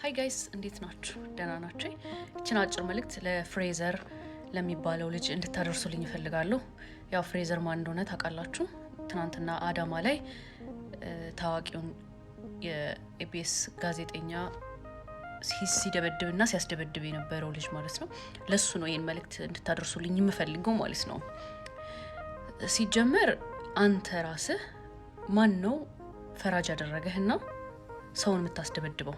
ሀይ ጋይስ እንዴት ናችሁ? ደህና ናችሁ? ይችን አጭር መልእክት ለፍሬዘር ለሚባለው ልጅ እንድታደርሱልኝ እፈልጋለሁ። ያው ፍሬዘር ማን እንደሆነ ታውቃላችሁ። ትናንትና አዳማ ላይ ታዋቂውን የኤቢኤስ ጋዜጠኛ ሲደበድብና ሲያስደበድብ የነበረው ልጅ ማለት ነው። ለሱ ነው ይህን መልእክት እንድታደርሱልኝ የምፈልገው ማለት ነው። ሲጀመር አንተ ራስህ ማን ነው ፈራጅ ያደረገህና ሰውን የምታስደበድበው?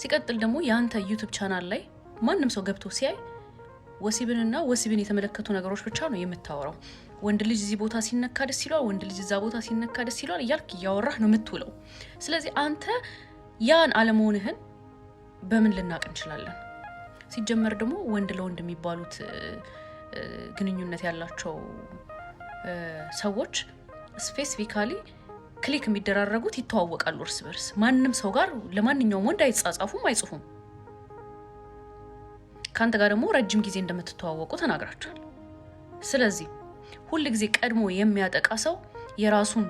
ሲቀጥል ደግሞ የአንተ ዩቱብ ቻናል ላይ ማንም ሰው ገብቶ ሲያይ ወሲብንና ወሲብን የተመለከቱ ነገሮች ብቻ ነው የምታወራው። ወንድ ልጅ እዚህ ቦታ ሲነካ ደስ ይለዋል፣ ወንድ ልጅ እዛ ቦታ ሲነካ ደስ ይለዋል እያልክ እያወራህ ነው የምትውለው። ስለዚህ አንተ ያን አለመሆንህን በምን ልናቅ እንችላለን? ሲጀመር ደግሞ ወንድ ለወንድ የሚባሉት ግንኙነት ያላቸው ሰዎች ስፔሲፊካሊ ክሊክ የሚደራረጉት ይተዋወቃሉ እርስ በርስ። ማንም ሰው ጋር ለማንኛውም ወንድ አይጻጻፉም፣ አይጽፉም። ከአንተ ጋር ደግሞ ረጅም ጊዜ እንደምትተዋወቁ ተናግራችኋል። ስለዚህ ሁል ጊዜ ቀድሞ የሚያጠቃ ሰው የራሱን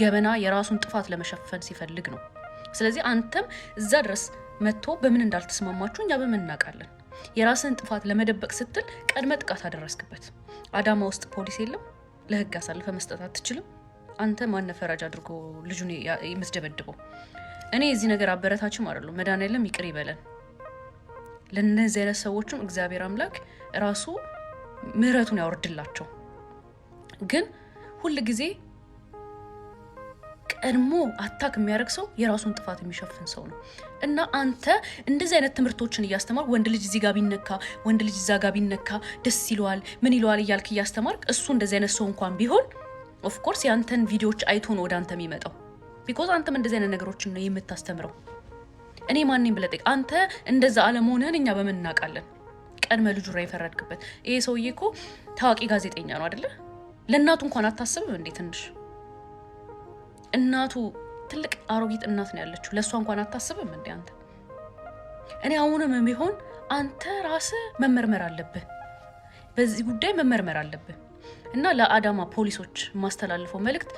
ገበና የራሱን ጥፋት ለመሸፈን ሲፈልግ ነው። ስለዚህ አንተም እዛ ድረስ መጥቶ በምን እንዳልተስማማችሁ እኛ በምን እናውቃለን? የራስን ጥፋት ለመደበቅ ስትል ቀድመ ጥቃት አደረስክበት። አዳማ ውስጥ ፖሊስ የለም? ለህግ አሳልፈ መስጠት አትችልም? አንተ ማነህ ፈራጅ አድርጎ ልጁን የምትደበድበው? እኔ የዚህ ነገር አበረታችም አይደሉም። መድኃኒዓለም ይቅር ይበለን። ለነዚህ አይነት ሰዎችም እግዚአብሔር አምላክ ራሱ ምሕረቱን ያወርድላቸው። ግን ሁል ጊዜ ቀድሞ አታክ የሚያደርግ ሰው የራሱን ጥፋት የሚሸፍን ሰው ነው እና አንተ እንደዚህ አይነት ትምህርቶችን እያስተማርክ ወንድ ልጅ እዚህ ጋር ቢነካ ወንድ ልጅ እዛ ጋር ቢነካ ደስ ይለዋል ምን ይለዋል እያልክ እያስተማርክ እሱ እንደዚህ አይነት ሰው እንኳን ቢሆን ኦፍኮርስ የአንተን ቪዲዮዎች አይቶ ነው ወደ አንተ የሚመጣው። ቢኮዝ አንተም እንደዚህ አይነት ነገሮችን ነው የምታስተምረው። እኔ ማንም ብለጠቅ አንተ እንደዛ አለመሆንህን እኛ በምን እናውቃለን? ቀድመ ልጁ ላይ የፈረድክበት ይሄ ሰውዬ እኮ ታዋቂ ጋዜጠኛ ነው አደለ? ለእናቱ እንኳን አታስብም እንዴ? ትንሽ እናቱ ትልቅ አሮጊት እናት ነው ያለችው። ለእሷ እንኳን አታስብም እንዴ አንተ? እኔ አሁንም የሚሆን አንተ ራስህ መመርመር አለብህ። በዚህ ጉዳይ መመርመር አለብህ። እና ለአዳማ ፖሊሶች የማስተላልፈው መልእክት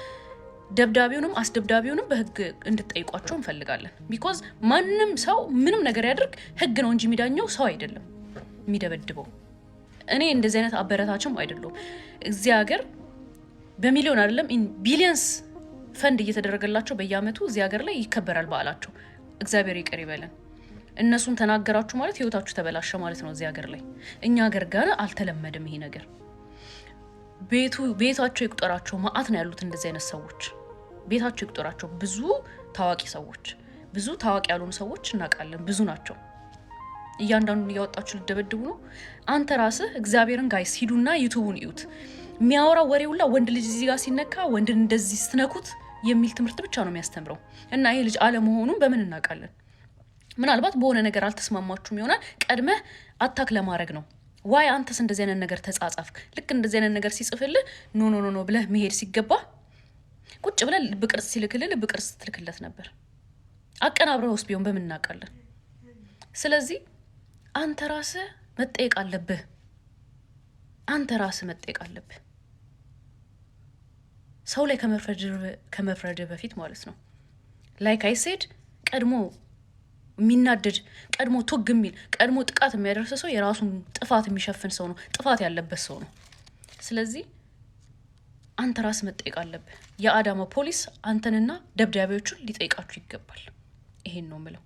ደብዳቤውንም አስደብዳቤውንም በህግ እንድትጠይቋቸው እንፈልጋለን። ቢኮዝ ማንም ሰው ምንም ነገር ያድርግ ህግ ነው እንጂ የሚዳኘው ሰው አይደለም የሚደበድበው። እኔ እንደዚህ አይነት አበረታችም አይደለም እዚህ ሀገር በሚሊዮን አይደለም ቢሊየንስ ፈንድ እየተደረገላቸው በየአመቱ እዚህ ሀገር ላይ ይከበራል በዓላቸው። እግዚአብሔር ይቅር ይበለን። እነሱን ተናገራችሁ ማለት ህይወታችሁ ተበላሸ ማለት ነው። እዚህ ሀገር ላይ እኛ ሀገር ጋር አልተለመደም ይሄ ነገር። ቤቱ ቤታቸው ይቁጠራቸው። ማአት ነው ያሉት እንደዚህ አይነት ሰዎች ቤታቸው ይቁጠራቸው። ብዙ ታዋቂ ሰዎች ብዙ ታዋቂ ያልሆኑ ሰዎች እናውቃለን፣ ብዙ ናቸው። እያንዳንዱን እያወጣችሁ ልደበድቡ ነው። አንተ ራስህ እግዚአብሔርን ጋይስ ሂዱና ዩቱቡን እዩት። የሚያወራው ወሬ ሁላ ወንድ ልጅ እዚህ ጋር ሲነካ ወንድን እንደዚህ ስትነኩት የሚል ትምህርት ብቻ ነው የሚያስተምረው እና ይህ ልጅ አለመሆኑን በምን እናውቃለን? ምናልባት በሆነ ነገር አልተስማማችሁም ይሆናል። ቀድመህ አታክ ለማድረግ ነው ዋይ አንተስ እንደዚህ አይነት ነገር ተጻጻፍክ? ልክ እንደዚህ አይነት ነገር ሲጽፍልህ ኖ ኖ ኖ ብለህ መሄድ ሲገባ ቁጭ ብለህ ልብ ቅርጽ ሲልክልህ ልብ ቅርጽ ትልክለት ነበር። አቀናብረህ ውስጥ ቢሆን በምን እናውቃለን? ስለዚህ አንተ ራስህ መጠየቅ አለብህ። አንተ ራስህ መጠየቅ አለብህ፣ ሰው ላይ ከመፍረድ በፊት ማለት ነው። ላይክ አይሴድ ቀድሞ የሚናደድ ቀድሞ ቱግ የሚል ቀድሞ ጥቃት የሚያደርስ ሰው የራሱን ጥፋት የሚሸፍን ሰው ነው፣ ጥፋት ያለበት ሰው ነው። ስለዚህ አንተ ራስ መጠየቅ አለብህ። የአዳማ ፖሊስ አንተንና ደብዳቤዎቹን ሊጠይቃችሁ ይገባል። ይሄን ነው ምለው።